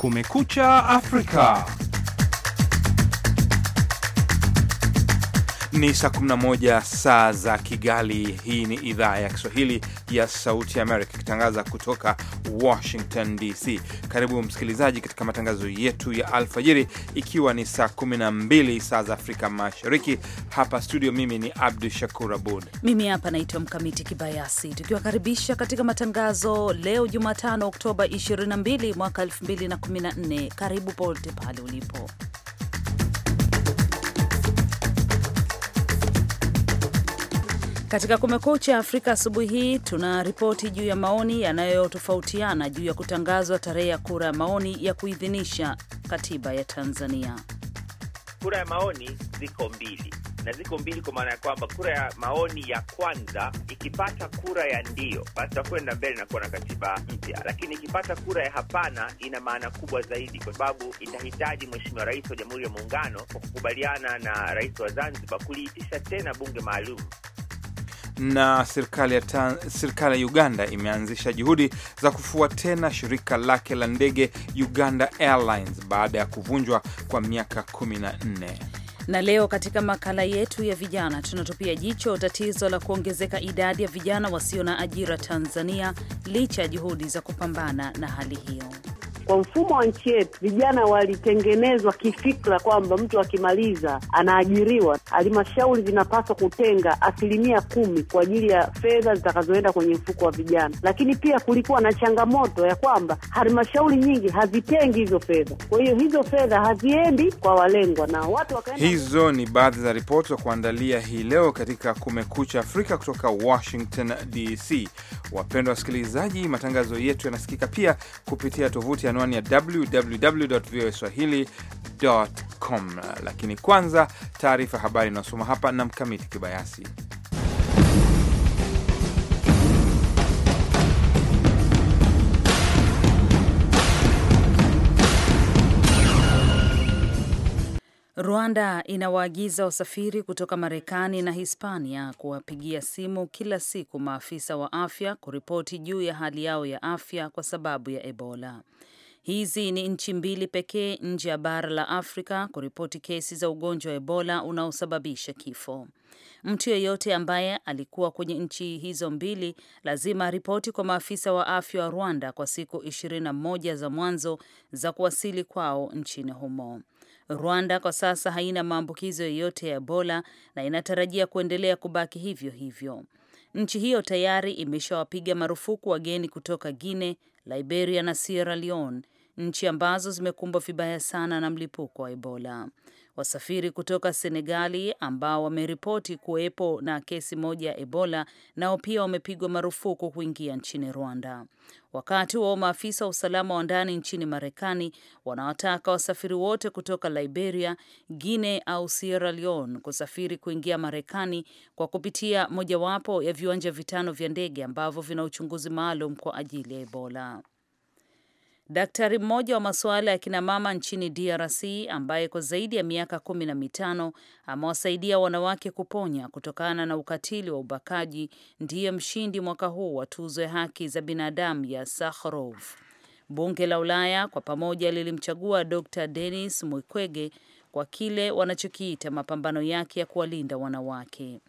Kumekucha Afrika. Ni saa 11 saa za Kigali. Hii ni idhaa ya Kiswahili ya Sauti ya Amerika ikitangaza kutoka Washington DC. Karibu msikilizaji katika matangazo yetu ya alfajiri, ikiwa ni saa 12 saa za Afrika Mashariki. Hapa studio, mimi ni Abdu Shakur Abud, mimi hapa naitwa Mkamiti Kibayasi, tukiwakaribisha katika matangazo leo Jumatano Oktoba 22 mwaka 2014. Karibu pote pale ulipo Katika Kumekucha Afrika asubuhi hii tuna ripoti juu ya maoni yanayotofautiana juu ya kutangazwa tarehe ya kura ya maoni ya kuidhinisha katiba ya Tanzania. Kura ya maoni ziko mbili na ziko mbili kwa maana ya kwamba kura ya maoni ya kwanza ikipata kura ya ndio, basi takwenda mbele na kuwa na katiba mpya, lakini ikipata kura ya hapana, ina maana kubwa zaidi, kwa sababu itahitaji Mheshimiwa Rais wa Jamhuri ya Muungano kwa kukubaliana na Rais wa Zanzibar kuliitisha tena bunge maalum na serikali ya, ta, serikali ya Uganda imeanzisha juhudi za kufua tena shirika lake la ndege Uganda Airlines baada ya kuvunjwa kwa miaka 14. Na leo katika makala yetu ya vijana tunatupia jicho tatizo la kuongezeka idadi ya vijana wasio na ajira Tanzania licha ya juhudi za kupambana na hali hiyo kwa mfumo wa nchi yetu, vijana walitengenezwa kifikra kwamba mtu akimaliza anaajiriwa. Halmashauri zinapaswa kutenga asilimia kumi kwa ajili ya fedha zitakazoenda kwenye mfuko wa vijana, lakini pia kulikuwa na changamoto ya kwamba halmashauri nyingi hazitengi hizo fedha, kwa hiyo hizo fedha haziendi kwa walengwa na watu wakaenda. Hizo ni baadhi za ripoti za kuandalia hii leo katika Kumekucha Afrika kutoka Washington DC. Wapendwa wasikilizaji, matangazo yetu yanasikika pia kupitia tovuti ya anwani ya www.voaswahili.com. Lakini kwanza taarifa habari inayosoma hapa na Mkamiti Kibayasi. Rwanda inawaagiza wasafiri kutoka Marekani na Hispania kuwapigia simu kila siku maafisa wa afya kuripoti juu ya hali yao ya afya kwa sababu ya Ebola. Hizi ni nchi mbili pekee nje ya bara la Afrika kuripoti kesi za ugonjwa wa Ebola unaosababisha kifo. Mtu yeyote ambaye alikuwa kwenye nchi hizo mbili lazima aripoti kwa maafisa wa afya wa Rwanda kwa siku 21 za mwanzo za kuwasili kwao nchini humo. Rwanda kwa sasa haina maambukizo yoyote ya Ebola na inatarajia kuendelea kubaki hivyo hivyo. Nchi hiyo tayari imeshawapiga marufuku wageni kutoka Guinea, Liberia na Sierra Leone, nchi ambazo zimekumbwa vibaya sana na mlipuko wa Ebola. Wasafiri kutoka Senegali ambao wameripoti kuwepo na kesi moja ya Ebola nao pia wamepigwa marufuku kuingia nchini Rwanda. Wakati huo maafisa wa usalama wa ndani nchini Marekani wanawataka wasafiri wote kutoka Liberia, Guinea au Sierra Leone kusafiri kuingia Marekani kwa kupitia mojawapo ya viwanja vitano vya ndege ambavyo vina uchunguzi maalum kwa ajili ya Ebola. Daktari mmoja wa masuala ya kinamama nchini DRC ambaye kwa zaidi ya miaka kumi na mitano amewasaidia wanawake kuponya kutokana na ukatili wa ubakaji ndiye mshindi mwaka huu wa tuzo ya haki za binadamu ya Sakharov. Bunge la Ulaya kwa pamoja lilimchagua Dr Denis Mukwege kwa kile wanachokiita mapambano yake ya kuwalinda wanawake.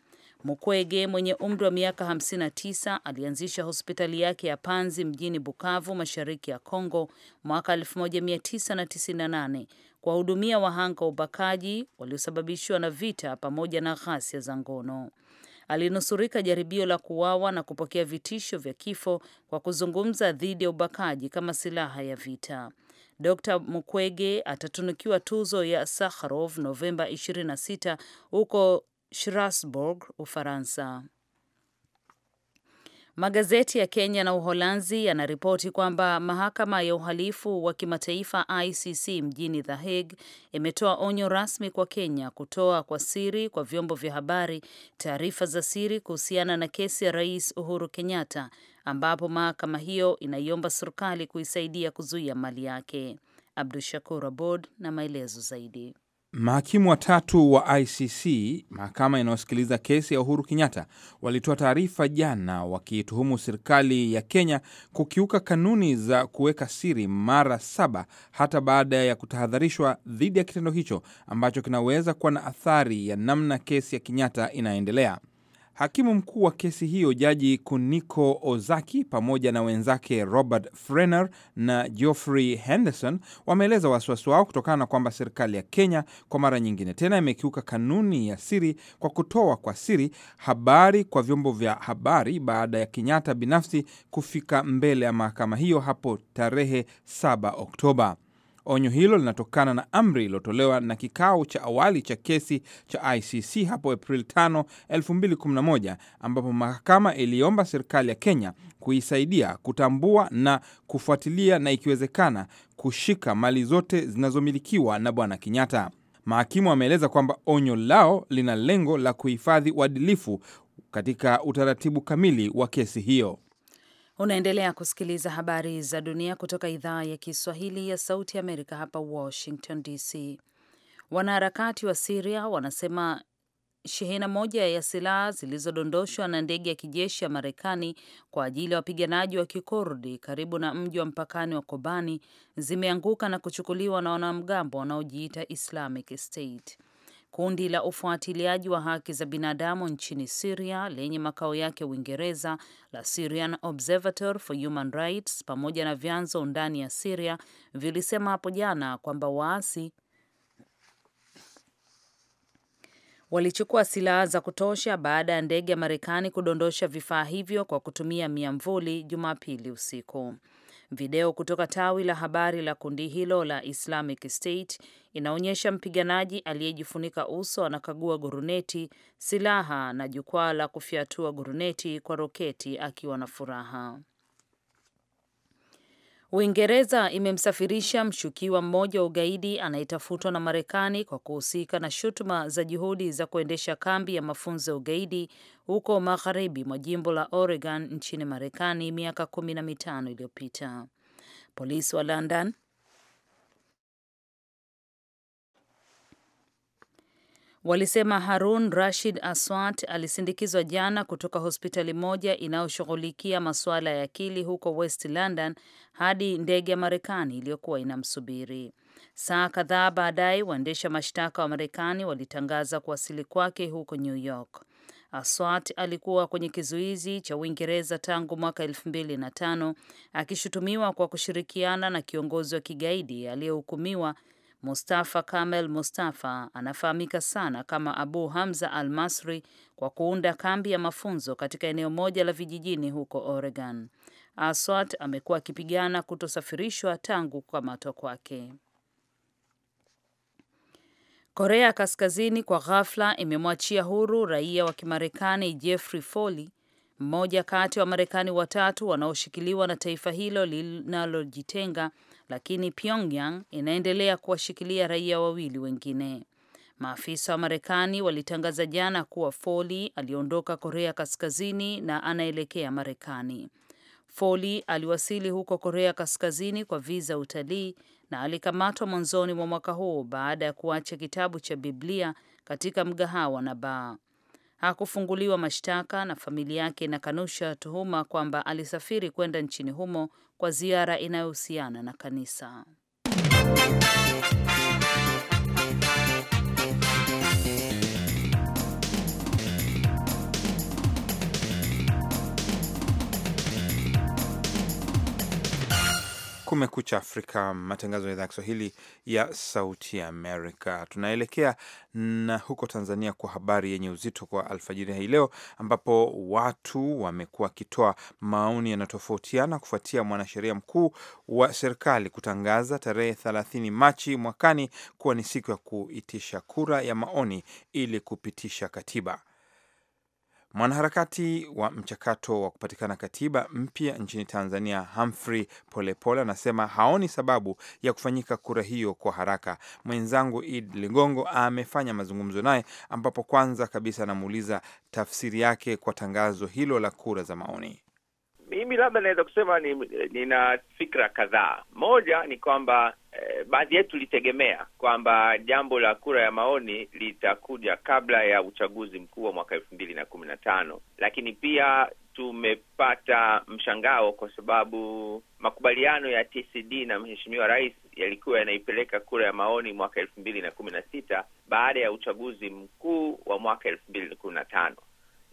Mukwege mwenye umri wa miaka 59 alianzisha hospitali yake ya Panzi mjini Bukavu, mashariki ya Kongo mwaka 1998 kuwahudumia wahanga wa ubakaji waliosababishwa na vita pamoja na ghasia za ngono. Alinusurika jaribio la kuuawa na kupokea vitisho vya kifo kwa kuzungumza dhidi ya ubakaji kama silaha ya vita. Dr. Mukwege atatunukiwa tuzo ya Sakharov Novemba 26 huko Strasbourg, Ufaransa. Magazeti ya Kenya na Uholanzi yanaripoti kwamba mahakama ya uhalifu wa kimataifa ICC mjini The Hague imetoa onyo rasmi kwa Kenya kutoa kwa siri kwa vyombo vya habari taarifa za siri kuhusiana na kesi ya Rais Uhuru Kenyatta, ambapo mahakama hiyo inaiomba serikali kuisaidia kuzuia mali yake. Abdu Shakur Abod na maelezo zaidi. Mahakimu watatu wa ICC, mahakama inayosikiliza kesi ya Uhuru Kenyatta, walitoa taarifa jana wakiituhumu serikali ya Kenya kukiuka kanuni za kuweka siri mara saba hata baada ya kutahadharishwa dhidi ya kitendo hicho ambacho kinaweza kuwa na athari ya namna kesi ya Kenyatta inaendelea. Hakimu mkuu wa kesi hiyo Jaji Kuniko Ozaki pamoja na wenzake Robert Frener na Geoffrey Henderson wameeleza wasiwasi wao kutokana na kwamba serikali ya Kenya kwa mara nyingine tena imekiuka kanuni ya siri kwa kutoa kwa siri habari kwa vyombo vya habari baada ya Kenyatta binafsi kufika mbele ya mahakama hiyo hapo tarehe 7 Oktoba. Onyo hilo linatokana na amri iliyotolewa na kikao cha awali cha kesi cha ICC hapo Aprili 5, 2011 ambapo mahakama iliomba serikali ya Kenya kuisaidia kutambua na kufuatilia na ikiwezekana kushika mali zote zinazomilikiwa na Bwana Kenyatta. Mahakimu wameeleza kwamba onyo lao lina lengo la kuhifadhi uadilifu katika utaratibu kamili wa kesi hiyo. Unaendelea kusikiliza habari za dunia kutoka idhaa ya Kiswahili ya Sauti ya Amerika hapa Washington DC. Wanaharakati wa Siria wanasema shehena moja ya silaha zilizodondoshwa na ndege ya kijeshi ya Marekani kwa ajili ya wapiganaji wa Kikurdi karibu na mji wa mpakani wa Kobani zimeanguka na kuchukuliwa na wanamgambo wanaojiita Islamic State. Kundi la ufuatiliaji wa haki za binadamu nchini Siria lenye makao yake Uingereza la Syrian Observatory for Human Rights pamoja na vyanzo ndani ya Siria vilisema hapo jana kwamba waasi walichukua silaha za kutosha baada ya ndege ya Marekani kudondosha vifaa hivyo kwa kutumia miamvuli Jumapili usiku. Video kutoka tawi la habari la kundi hilo la Islamic State inaonyesha mpiganaji aliyejifunika uso anakagua guruneti, silaha na jukwaa la kufyatua guruneti kwa roketi akiwa na furaha. Uingereza imemsafirisha mshukiwa mmoja wa ugaidi anayetafutwa na Marekani kwa kuhusika na shutuma za juhudi za kuendesha kambi ya mafunzo ya ugaidi huko magharibi mwa jimbo la Oregon nchini Marekani miaka kumi na mitano iliyopita. Polisi wa London walisema Harun Rashid Aswat alisindikizwa jana kutoka hospitali moja inayoshughulikia masuala ya akili huko West London hadi ndege ya Marekani iliyokuwa inamsubiri. Saa kadhaa baadaye, waendesha mashtaka wa Marekani walitangaza kuwasili kwake huko New York. Aswat alikuwa kwenye kizuizi cha Uingereza tangu mwaka elfu mbili na tano akishutumiwa kwa kushirikiana na kiongozi wa kigaidi aliyehukumiwa Mustafa Kamel Mustafa anafahamika sana kama Abu Hamza Al Masri kwa kuunda kambi ya mafunzo katika eneo moja la vijijini huko Oregon. Aswat amekuwa akipigana kutosafirishwa tangu kukamatwa kwake. Korea Kaskazini kwa ghafla imemwachia huru raia wa Kimarekani Jeffrey Foley mmoja kati wa Marekani watatu wanaoshikiliwa na taifa hilo linalojitenga, lakini Pyongyang inaendelea kuwashikilia raia wawili wengine. Maafisa wa Marekani walitangaza jana kuwa foli aliondoka Korea Kaskazini na anaelekea Marekani. foli aliwasili huko Korea Kaskazini kwa viza utalii na alikamatwa mwanzoni mwa mwaka huu baada ya kuacha kitabu cha Biblia katika mgahawa na baa hakufunguliwa mashtaka na familia yake inakanusha tuhuma kwamba alisafiri kwenda nchini humo kwa ziara inayohusiana na kanisa. Kumekucha Afrika, matangazo ya idhaa ya Kiswahili ya Sauti ya Amerika. Tunaelekea na huko Tanzania kwa habari yenye uzito kwa alfajiri hii leo, ambapo watu wamekuwa wakitoa maoni yanatofautiana kufuatia mwanasheria mkuu wa serikali kutangaza tarehe 30 Machi mwakani kuwa ni siku ya kuitisha kura ya maoni ili kupitisha katiba. Mwanaharakati wa mchakato wa kupatikana katiba mpya nchini Tanzania, Humphrey Polepole anasema haoni sababu ya kufanyika kura hiyo kwa haraka. Mwenzangu Id Ligongo amefanya mazungumzo naye, ambapo kwanza kabisa anamuuliza tafsiri yake kwa tangazo hilo la kura za maoni mimi labda naweza kusema ni, nina fikra kadhaa. Moja ni kwamba eh, baadhi yetu litegemea kwamba jambo la kura ya maoni litakuja kabla ya uchaguzi mkuu wa mwaka elfu mbili na kumi na tano, lakini pia tumepata mshangao kwa sababu makubaliano ya TCD na mheshimiwa rais yalikuwa yanaipeleka kura ya maoni mwaka elfu mbili na kumi na sita baada ya uchaguzi mkuu wa mwaka elfu mbili na kumi na tano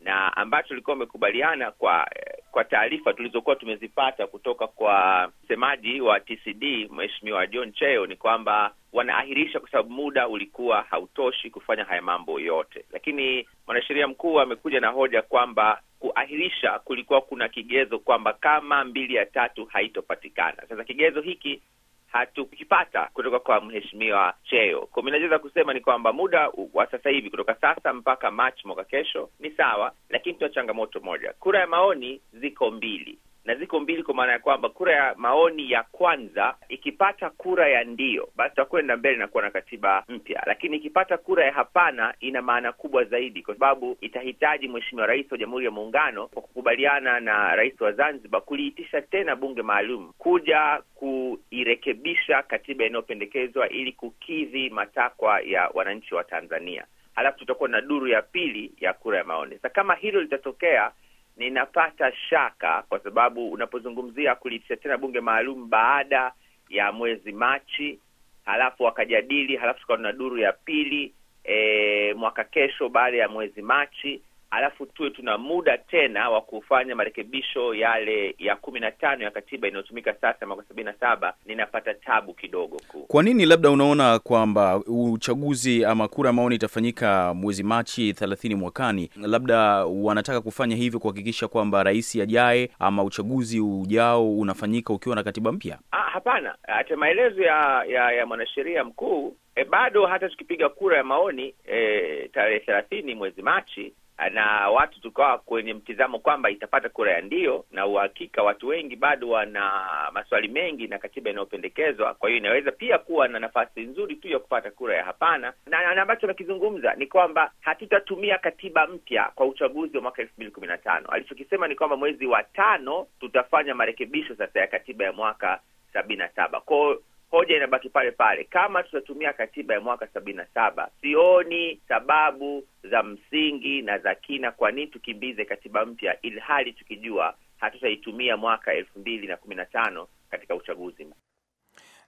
na ambacho ulikuwa umekubaliana kwa eh, kwa taarifa tulizokuwa tumezipata kutoka kwa msemaji wa TCD Mheshimiwa John Cheo ni kwamba wanaahirisha kwa sababu muda ulikuwa hautoshi kufanya haya mambo yote, lakini mwanasheria mkuu amekuja na hoja kwamba kuahirisha kulikuwa kuna kigezo kwamba kama mbili ya tatu haitopatikana. Sasa kigezo hiki hatukipata kutoka kwa mheshimiwa Cheo. Kwa mi kusema ni kwamba muda wa sasa hivi kutoka sasa mpaka Machi mwaka kesho ni sawa, lakini tuna changamoto moja, kura ya maoni ziko mbili na ziko mbili, kwa maana ya kwamba kura ya maoni ya kwanza ikipata kura ya ndio, basi tutakwenda mbele na kuwa na katiba mpya, lakini ikipata kura ya hapana, ina maana kubwa zaidi, kwa sababu itahitaji Mheshimiwa Rais wa Jamhuri ya Muungano kwa kukubaliana na Rais wa Zanzibar kuliitisha tena bunge maalum kuja kuirekebisha katiba inayopendekezwa ili kukidhi matakwa ya wananchi wa Tanzania. Halafu tutakuwa na duru ya pili ya kura ya maoni. Sasa kama hilo litatokea ninapata shaka kwa sababu unapozungumzia kuliitisha tena bunge maalum baada ya mwezi Machi, halafu wakajadili, halafu tukawa na duru ya pili e, mwaka kesho baada ya mwezi Machi alafu tuwe tuna muda tena wa kufanya marekebisho yale ya kumi na tano ya katiba inayotumika sasa mwaka sabini na saba ninapata tabu kidogo ku. Kwa nini labda unaona kwamba uchaguzi ama kura ya maoni itafanyika mwezi Machi thelathini mwakani, labda wanataka kufanya hivyo kuhakikisha kwamba rais ajaye ama uchaguzi ujao unafanyika ukiwa na katiba mpya? Ah, hapana, hata maelezo ya, ya, ya mwanasheria mkuu E, bado hata tukipiga kura ya maoni e, tarehe thelathini mwezi Machi na watu tukawa kwenye mtizamo kwamba itapata kura ya ndio, na uhakika watu wengi bado wana maswali mengi na katiba inayopendekezwa. Kwa hiyo inaweza pia kuwa na nafasi nzuri tu ya kupata kura ya hapana, na ambacho amekizungumza ni kwamba hatutatumia katiba mpya kwa uchaguzi wa mwaka elfu mbili kumi na tano. Alichokisema ni kwamba mwezi wa tano tutafanya marekebisho sasa ya katiba ya mwaka sabini na saba kwao hoja inabaki pale pale, kama tutatumia katiba ya mwaka sabini na saba, sioni sababu za msingi na za kina kwa nini tukimbize katiba mpya ili hali tukijua hatutaitumia mwaka elfu mbili na kumi na tano katika uchaguzi.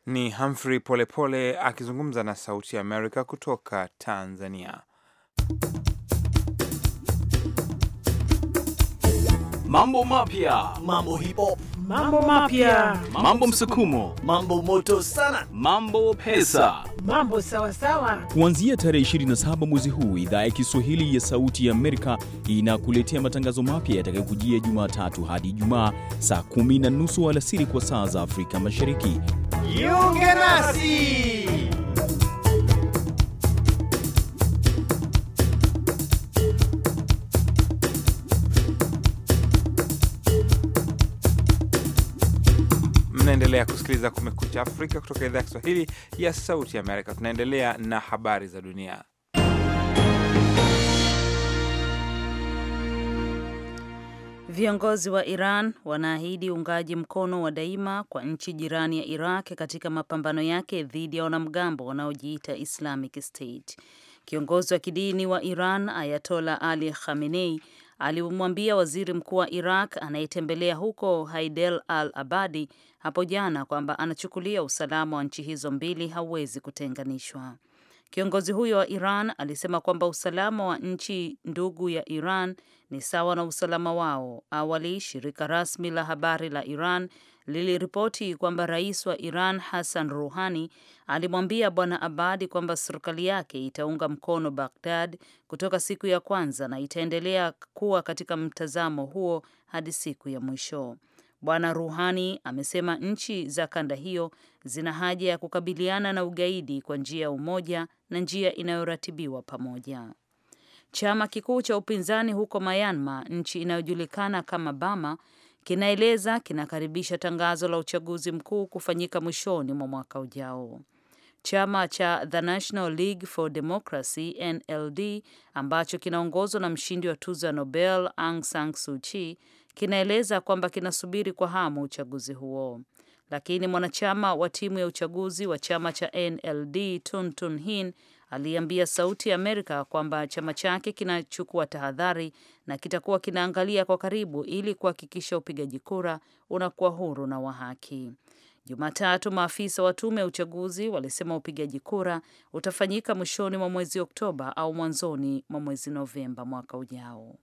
Ni Humphrey Polepole akizungumza na Sauti ya Amerika kutoka Tanzania. Mambo mapya, mambo hipo mambo mapya, mambo msukumo, mambo moto sana, mambo pesa, mambo sawasawa. Kuanzia tarehe 27 mwezi huu, idhaa ya Kiswahili ya Sauti ya Amerika inakuletea matangazo mapya yatakayokujia Jumatatu hadi Ijumaa saa kumi na nusu alasiri kwa saa za Afrika Mashariki. Jiunge nasi. Unaendelea kusikiliza Kumekucha Afrika kutoka idhaa ya Kiswahili ya Sauti Amerika. Tunaendelea na habari za dunia. Viongozi wa Iran wanaahidi uungaji mkono wa daima kwa nchi jirani ya Iraq katika mapambano yake dhidi ya wanamgambo wanaojiita Islamic State. Kiongozi wa kidini wa Iran Ayatola Ali Khamenei alimwambia waziri mkuu wa Iraq anayetembelea huko Haidel Al Abadi hapo jana kwamba anachukulia usalama wa nchi hizo mbili hauwezi kutenganishwa. Kiongozi huyo wa Iran alisema kwamba usalama wa nchi ndugu ya Iran ni sawa na usalama wao. Awali, shirika rasmi la habari la Iran liliripoti kwamba rais wa Iran Hassan Rouhani alimwambia Bwana Abadi kwamba serikali yake itaunga mkono Baghdad kutoka siku ya kwanza na itaendelea kuwa katika mtazamo huo hadi siku ya mwisho. Bwana Ruhani amesema nchi za kanda hiyo zina haja ya kukabiliana na ugaidi kwa njia ya umoja na njia inayoratibiwa pamoja. Chama kikuu cha upinzani huko Myanmar, nchi inayojulikana kama Bama, kinaeleza kinakaribisha tangazo la uchaguzi mkuu kufanyika mwishoni mwa mwaka ujao. Chama cha The National League for Democracy NLD ambacho kinaongozwa na mshindi wa tuzo ya Nobel Aung San Suu Kyi kinaeleza kwamba kinasubiri kwa hamu uchaguzi huo. Lakini mwanachama wa timu ya uchaguzi wa chama cha NLD Tuntun Hin aliambia Sauti ya Amerika kwamba chama chake kinachukua tahadhari na kitakuwa kinaangalia kwa karibu ili kuhakikisha upigaji kura unakuwa huru na wa haki. Jumatatu, maafisa wa tume ya uchaguzi walisema upigaji kura utafanyika mwishoni mwa mwezi Oktoba au mwanzoni mwa mwezi Novemba mwaka ujao.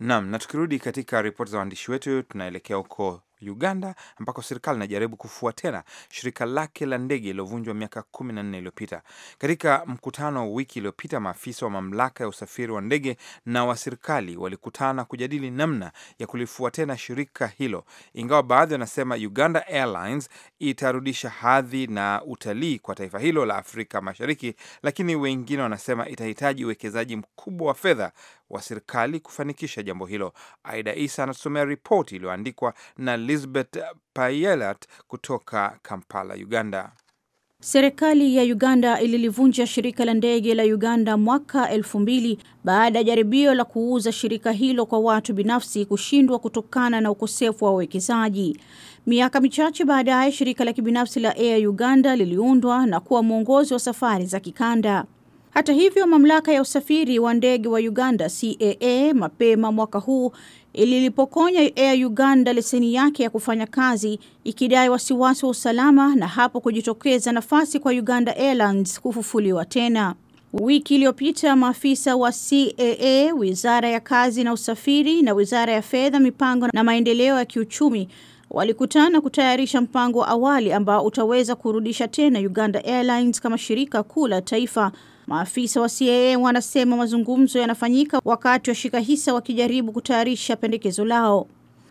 Naam, na tukirudi katika ripoti za waandishi wetu, tunaelekea huko Uganda ambako serikali inajaribu kufua tena shirika lake la ndege lililovunjwa miaka kumi na nne iliyopita. Katika mkutano wiki iliyopita, maafisa wa mamlaka ya usafiri wa ndege na wa serikali walikutana kujadili namna ya kulifua tena shirika hilo, ingawa baadhi wanasema Uganda Airlines itarudisha hadhi na utalii kwa taifa hilo la Afrika Mashariki, lakini wengine wanasema itahitaji uwekezaji mkubwa wa fedha wa serikali kufanikisha jambo hilo. Aida Isa anatusomea ripoti iliyoandikwa na Lisbeth Payelat kutoka Kampala, Uganda. Serikali ya Uganda ililivunja shirika la ndege la Uganda mwaka elfu mbili baada ya jaribio la kuuza shirika hilo kwa watu binafsi kushindwa kutokana na ukosefu wa uwekezaji. Miaka michache baadaye, shirika la kibinafsi la Air Uganda liliundwa na kuwa mwongozi wa safari za kikanda. Hata hivyo, mamlaka ya usafiri wa ndege wa Uganda CAA mapema mwaka huu ililipokonya Air Uganda leseni yake ya kufanya kazi ikidai wasiwasi wa usalama na hapo kujitokeza nafasi kwa Uganda Airlines kufufuliwa tena. Wiki iliyopita maafisa wa CAA, Wizara ya Kazi na Usafiri na Wizara ya Fedha, Mipango na Maendeleo ya Kiuchumi walikutana kutayarisha mpango wa awali ambao utaweza kurudisha tena Uganda Airlines kama shirika kuu la taifa Maafisa wa CIA wanasema mazungumzo yanafanyika wakati washika hisa wakijaribu kutayarisha pendekezo lao.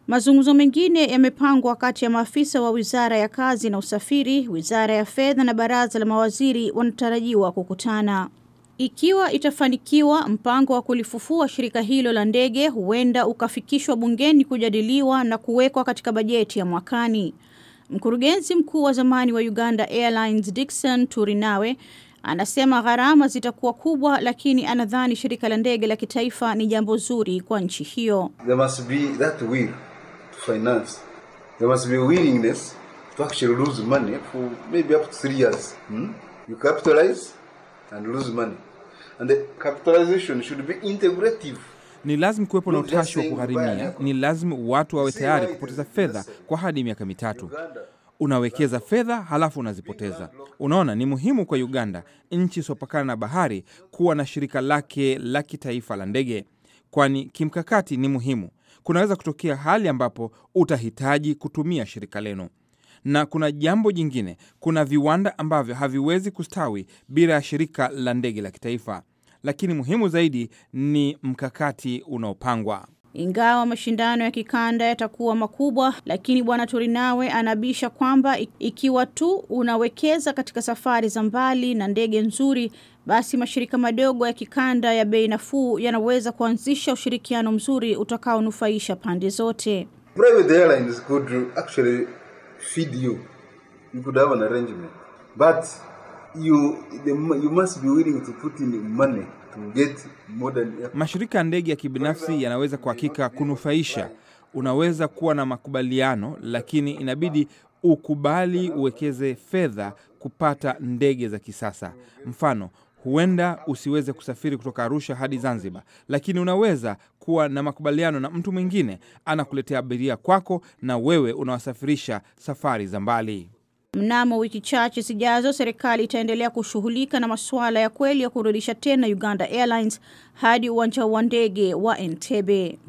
Mazungumzo mengine yamepangwa kati ya maafisa wa Wizara ya Kazi na Usafiri, Wizara ya Fedha na Baraza la Mawaziri wanatarajiwa kukutana. Ikiwa itafanikiwa, mpango wa kulifufua shirika hilo la ndege huenda ukafikishwa bungeni kujadiliwa na kuwekwa katika bajeti ya mwakani. Mkurugenzi mkuu wa zamani wa Uganda Airlines Dickson Turinawe Anasema gharama zitakuwa kubwa, lakini anadhani shirika la ndege la kitaifa ni jambo zuri kwa nchi hiyo. There must be that will to finance. There must be willingness to actually lose money for maybe up to three years. Hmm? You capitalize and lose money. And the capitalization should be integrative ni lazima kuwepo na utashi wa kugharimia. Ni lazima watu wawe tayari kupoteza fedha kwa hadi miaka mitatu unawekeza fedha halafu unazipoteza. Unaona, ni muhimu kwa Uganda, nchi isiyopakana na bahari, kuwa na shirika lake la kitaifa la ndege, kwani kimkakati ni muhimu. Kunaweza kutokea hali ambapo utahitaji kutumia shirika lenu. Na kuna jambo jingine, kuna viwanda ambavyo haviwezi kustawi bila ya shirika la ndege la kitaifa, lakini muhimu zaidi ni mkakati unaopangwa. Ingawa mashindano ya kikanda yatakuwa makubwa, lakini bwana Turinawe anabisha kwamba ikiwa tu unawekeza katika safari za mbali na ndege nzuri, basi mashirika madogo ya kikanda ya bei nafuu yanaweza kuanzisha ushirikiano mzuri utakaonufaisha pande zote. Private airlines could actually feed you. You could have an arrangement. But you, the, you must be willing to put in money Mashirika ya ndege ya kibinafsi yanaweza kwa hakika kunufaisha. Unaweza kuwa na makubaliano, lakini inabidi ukubali uwekeze fedha kupata ndege za kisasa. Mfano, huenda usiweze kusafiri kutoka Arusha hadi Zanzibar, lakini unaweza kuwa na makubaliano na mtu mwingine, anakuletea abiria kwako na wewe unawasafirisha safari za mbali. Mnamo wiki chache zijazo, serikali itaendelea kushughulika na masuala ya kweli ya kurudisha tena Uganda Airlines hadi uwanja wa ndege wa Entebbe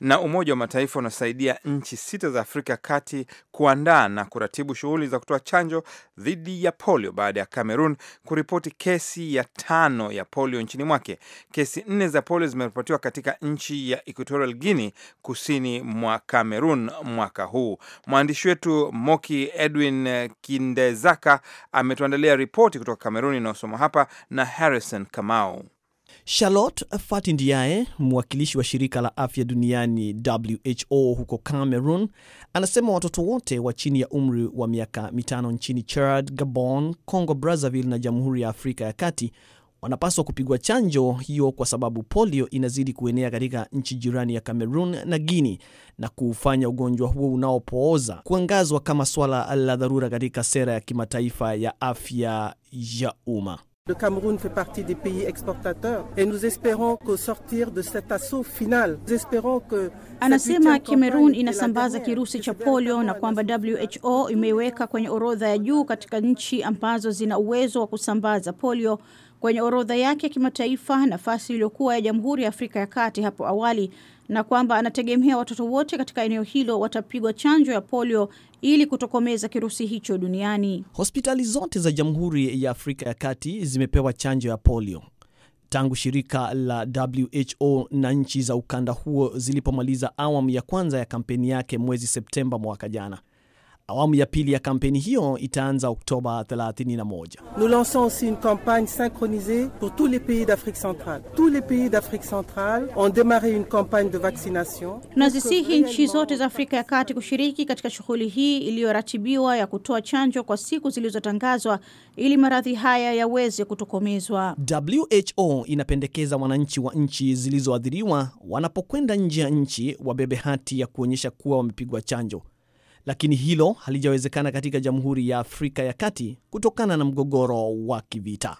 na Umoja wa Mataifa unasaidia nchi sita za Afrika Kati kuandaa na kuratibu shughuli za kutoa chanjo dhidi ya polio baada ya Cameroon kuripoti kesi ya tano ya polio nchini mwake. Kesi nne za polio zimeripotiwa katika nchi ya Equatorial Guinea kusini mwa Cameroon mwaka huu. Mwandishi wetu Moki Edwin Kindezaka ametuandalia ripoti kutoka Cameroon inayosoma hapa na Harrison Kamau. Charlotte Fatindiae, mwakilishi wa shirika la afya duniani WHO huko Cameroon, anasema watoto wote wa chini ya umri wa miaka mitano nchini Chad, Gabon, Congo Brazzaville na Jamhuri ya Afrika ya Kati wanapaswa kupigwa chanjo hiyo kwa sababu polio inazidi kuenea katika nchi jirani ya Cameroon na Guinea na kuufanya ugonjwa huo unaopooza kuangazwa kama swala la dharura katika sera ya kimataifa ya afya ya umma. Le Cameroun fait partie des pays exportateurs et nous espérons que sortir de cet assaut final, nous espérons que anasema Cameroon inasambaza kirusi cha polio na kwamba WHO imeiweka kwenye orodha ya juu katika nchi ambazo zina uwezo wa kusambaza polio kwenye orodha yake ya kimataifa, nafasi iliyokuwa ya Jamhuri ya Afrika ya Kati hapo awali, na kwamba anategemea watoto wote katika eneo hilo watapigwa chanjo ya polio ili kutokomeza kirusi hicho duniani. Hospitali zote za Jamhuri ya Afrika ya Kati zimepewa chanjo ya polio tangu shirika la WHO na nchi za ukanda huo zilipomaliza awamu ya kwanza ya kampeni yake mwezi Septemba mwaka jana. Awamu ya pili ya kampeni hiyo itaanza Oktoba 31. Nous lançons aussi une campagne synchronisée pour tous les pays d'Afrique centrale. Tous les pays d'Afrique centrale ont démarré une campagne de vaccination. Tunazisihi nchi zote za Afrika ya Kati kushiriki katika shughuli hii iliyoratibiwa ya kutoa chanjo kwa siku zilizotangazwa ili maradhi haya yaweze kutokomezwa. WHO inapendekeza wananchi wa nchi zilizoathiriwa wanapokwenda nje ya nchi wabebe hati ya kuonyesha kuwa wamepigwa chanjo lakini hilo halijawezekana katika Jamhuri ya Afrika ya Kati kutokana na mgogoro wa kivita.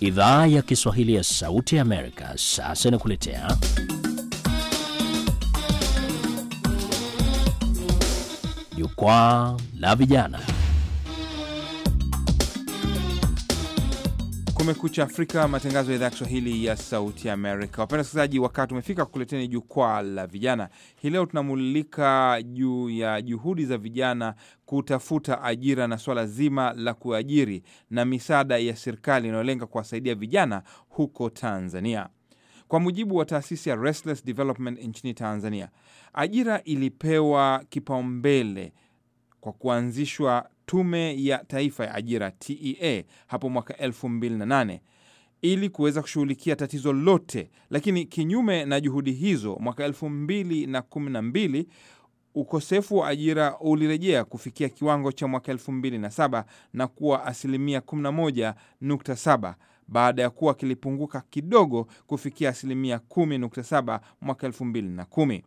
Idhaa ya Kiswahili ya Sauti ya Amerika sasa inakuletea jukwaa la vijana. Kumekucha Afrika, matangazo ya idhaa ya Kiswahili ya Sauti Amerika. Wapenda wasikilizaji, wakati umefika kukuleteni jukwaa la vijana. Hii leo tunamulika juu ya juhudi za vijana kutafuta ajira na swala zima la kuajiri na misaada ya serikali inayolenga kuwasaidia vijana huko Tanzania. Kwa mujibu wa taasisi ya Restless Development nchini Tanzania, ajira ilipewa kipaumbele kwa kuanzishwa Tume ya Taifa ya Ajira TEA hapo mwaka 2008 ili kuweza kushughulikia tatizo lote, lakini kinyume na juhudi hizo, mwaka 2012 ukosefu wa ajira ulirejea kufikia kiwango cha mwaka 2007 na kuwa asilimia 11.7 baada ya kuwa kilipunguka kidogo kufikia asilimia 10.7 mwaka 2010.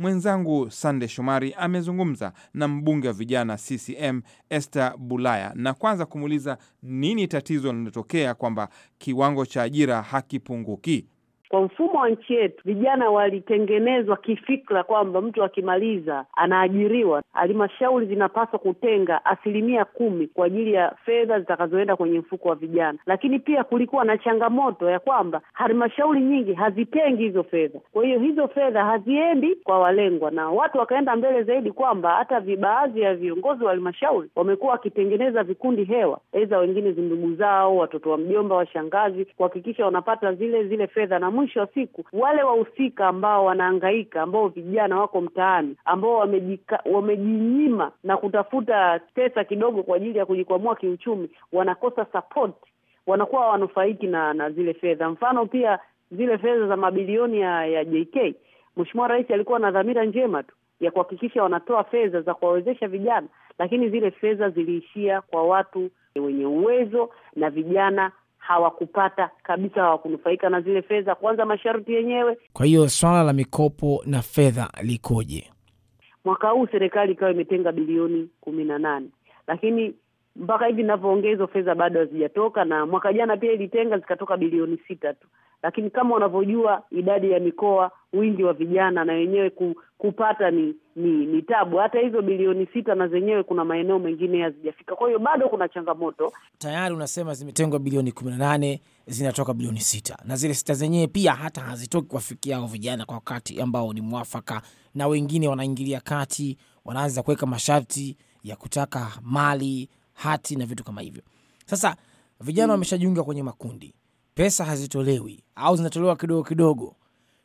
Mwenzangu Sande Shomari amezungumza na mbunge wa vijana CCM Esther Bulaya na kwanza kumuuliza nini tatizo linatokea kwamba kiwango cha ajira hakipunguki. Kwa mfumo wa nchi yetu, vijana walitengenezwa kifikra kwamba mtu akimaliza anaajiriwa. Halmashauri zinapaswa kutenga asilimia kumi kwa ajili ya fedha zitakazoenda kwenye mfuko wa vijana, lakini pia kulikuwa na changamoto ya kwamba halmashauri nyingi hazitengi hizo fedha, kwa hiyo hizo fedha haziendi kwa walengwa, na watu wakaenda mbele zaidi kwamba hata baadhi ya viongozi wa halmashauri wamekuwa wakitengeneza vikundi hewa, aidha wengine zindugu zao, watoto wa mjomba, washangazi, kuhakikisha wanapata zile zile fedha na mwisho wa siku wale wahusika ambao wanaangaika ambao vijana wako mtaani, ambao wamejinyima na kutafuta pesa kidogo kwa ajili ya kujikwamua kiuchumi, wanakosa support, wanakuwa wanufaiki na na zile fedha. Mfano pia zile fedha za mabilioni ya, ya JK, mweshimua Rais alikuwa na dhamira njema tu ya kuhakikisha wanatoa fedha za kuwawezesha vijana, lakini zile fedha ziliishia kwa watu wenye uwezo na vijana hawakupata kabisa, hawakunufaika na zile fedha, kwanza masharti yenyewe. Kwa hiyo swala la mikopo na fedha likoje? Mwaka huu serikali ikawa imetenga bilioni kumi na nane lakini mpaka hivi inavyoongea hizo fedha bado hazijatoka, na mwaka jana pia ilitenga zikatoka bilioni sita tu. Lakini kama unavyojua idadi ya mikoa, wingi wa vijana na wenyewe kupata ni ni ni tabu. Hata hizo bilioni sita na zenyewe kuna maeneo mengine hazijafika, kwa hiyo bado kuna changamoto. Tayari unasema zimetengwa bilioni kumi na nane zinatoka bilioni sita na zile sita zenyewe pia hata hazitoki kuwafikia hao vijana kwa wakati ambao ni mwafaka, na wengine wanaingilia kati, wanaanza kuweka masharti ya kutaka mali, hati na vitu kama hivyo. Sasa vijana hmm, wameshajiunga kwenye makundi, pesa hazitolewi au zinatolewa kidogo kidogo.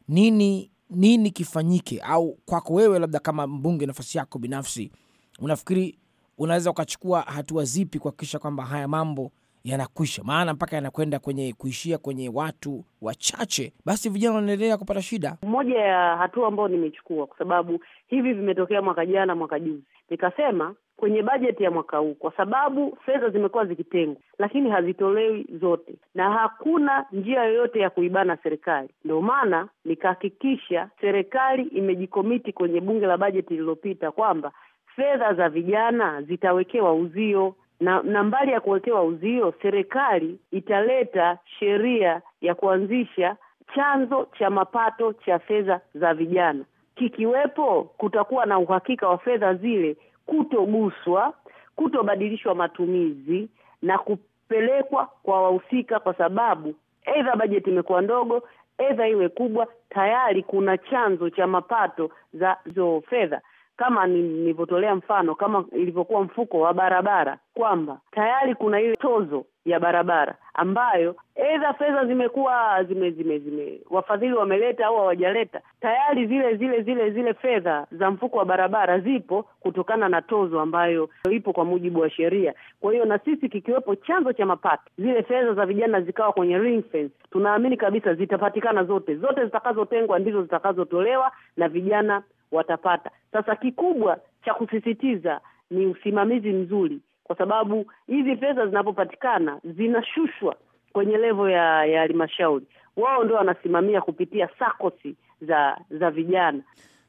Nini nini kifanyike, au kwako wewe, labda kama mbunge, nafasi yako binafsi, unafikiri unaweza ukachukua hatua zipi kuhakikisha kwamba haya mambo yanakwisha? Maana mpaka yanakwenda kwenye kuishia kwenye watu wachache, basi vijana wanaendelea kupata shida. Moja ya hatua ambayo nimechukua, kwa sababu hivi vimetokea mwaka jana, mwaka juzi, nikasema kwenye bajeti ya mwaka huu, kwa sababu fedha zimekuwa zikitengwa, lakini hazitolewi zote, na hakuna njia yoyote ya kuibana serikali. Ndio maana nikahakikisha serikali imejikomiti kwenye bunge la bajeti lililopita kwamba fedha za vijana zitawekewa uzio na, na mbali ya kuwekewa uzio, serikali italeta sheria ya kuanzisha chanzo cha mapato cha fedha za vijana. Kikiwepo, kutakuwa na uhakika wa fedha zile kutoguswa, kutobadilishwa matumizi na kupelekwa kwa wahusika, kwa sababu aidha bajeti imekuwa ndogo, aidha iwe kubwa, tayari kuna chanzo cha mapato za zoo fedha kama nilivyotolea mfano, kama ilivyokuwa mfuko wa barabara, kwamba tayari kuna ile tozo ya barabara ambayo aidha fedha zimekuwa zime, zime, zime wafadhili wameleta au hawajaleta, tayari zile zile zile zile fedha za mfuko wa barabara zipo kutokana na tozo ambayo ipo kwa mujibu wa sheria. Kwa hiyo na sisi kikiwepo chanzo cha mapato, zile fedha za vijana zikawa kwenye ring fence, tunaamini kabisa zitapatikana zote zote zitakazotengwa ndizo zitakazotolewa na vijana watapata. Sasa kikubwa cha kusisitiza ni usimamizi mzuri, kwa sababu hizi pesa zinapopatikana zinashushwa kwenye levo ya halmashauri, wao ndio wanasimamia kupitia sakosi za za vijana.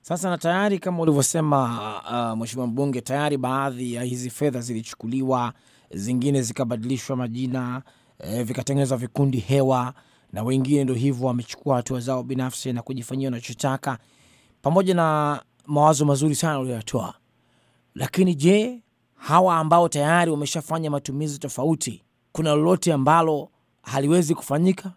Sasa na tayari kama ulivyosema, uh, uh, mheshimiwa mbunge, tayari baadhi ya hizi fedha zilichukuliwa, zingine zikabadilishwa majina eh, vikatengenezwa vikundi hewa, na wengine ndo hivyo wamechukua hatua zao binafsi na kujifanyia wanachotaka pamoja na mawazo mazuri sana uliyoyatoa, lakini je, hawa ambao tayari wameshafanya matumizi tofauti, kuna lolote ambalo haliwezi kufanyika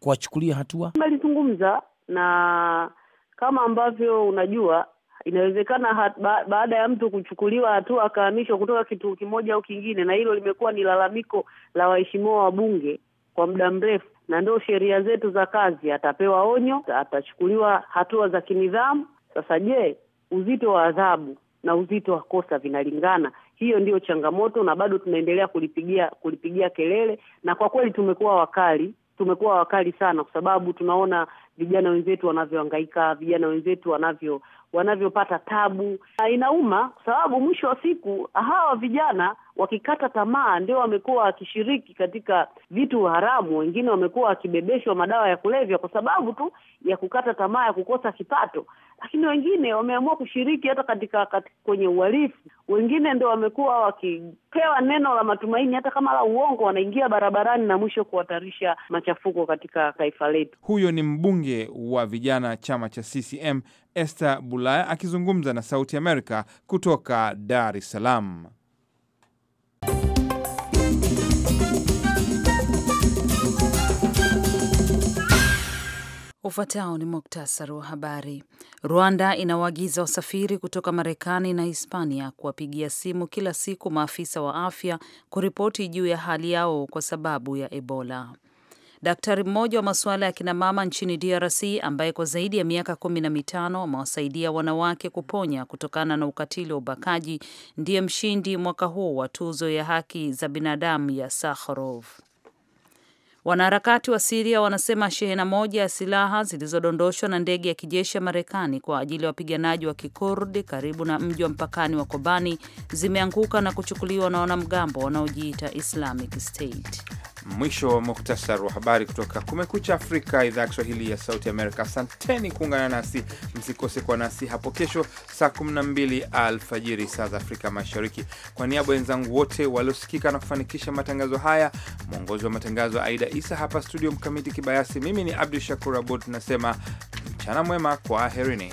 kuwachukulia hatua? Nilizungumza na kama ambavyo unajua inawezekana ba, baada ya mtu kuchukuliwa hatua akahamishwa kutoka kituo kimoja au kingine, na hilo limekuwa ni lalamiko la waheshimiwa wabunge kwa muda mrefu na ndio sheria zetu za kazi. Atapewa onyo, atachukuliwa hatua za kinidhamu. Sasa je, uzito wa adhabu na uzito wa kosa vinalingana? Hiyo ndiyo changamoto, na bado tunaendelea kulipigia kulipigia kelele, na kwa kweli tumekuwa wakali tumekuwa wakali sana, kwa sababu tunaona vijana wenzetu wanavyohangaika, vijana wenzetu wanavyo wanavyopata tabu. Inauma kwa sababu mwisho wa siku hawa vijana wakikata tamaa ndio wamekuwa wakishiriki katika vitu haramu. Wengine wamekuwa wakibebeshwa madawa ya kulevya kwa sababu tu ya kukata tamaa ya kukosa kipato, lakini wengine wameamua kushiriki hata katika, katika kwenye uhalifu. Wengine ndio wamekuwa wakipewa neno la matumaini hata kama la uongo, wanaingia barabarani na mwisho kuhatarisha machafuko katika taifa letu. Huyo ni mbunge wa vijana chama cha CCM Esther Bulaya akizungumza na Sauti Amerika kutoka Dar es Salaam. Ufuatao ni muktasari wa habari. Rwanda inawaagiza wasafiri kutoka Marekani na Hispania kuwapigia simu kila siku maafisa wa afya kuripoti juu ya hali yao kwa sababu ya Ebola. Daktari mmoja wa masuala ya kinamama nchini DRC ambaye kwa zaidi ya miaka kumi na mitano amewasaidia wanawake kuponya kutokana na ukatili wa ubakaji ndiye mshindi mwaka huu wa tuzo ya haki za binadamu ya Sakharov. Wanaharakati wa Siria wanasema shehena moja ya silaha zilizodondoshwa na ndege ya kijeshi ya Marekani kwa ajili ya wapiganaji wa Kikurdi karibu na mji wa mpakani wa Kobani zimeanguka na kuchukuliwa na wanamgambo wanaojiita Islamic State. Mwisho wa muktasar wa habari kutoka Kumekucha Afrika, idhaa ya Kiswahili ya Sauti Amerika. Asanteni kuungana nasi, msikose kwa nasi hapo kesho saa 12 alfajiri saa za Afrika Mashariki. Kwa niaba ya wenzangu wote waliosikika na kufanikisha matangazo haya, mwongozi wa matangazo Aida Isa, hapa studio Mkamiti Kibayasi, mimi ni Abdu Shakur Abud, nasema mchana mwema, kwa herini.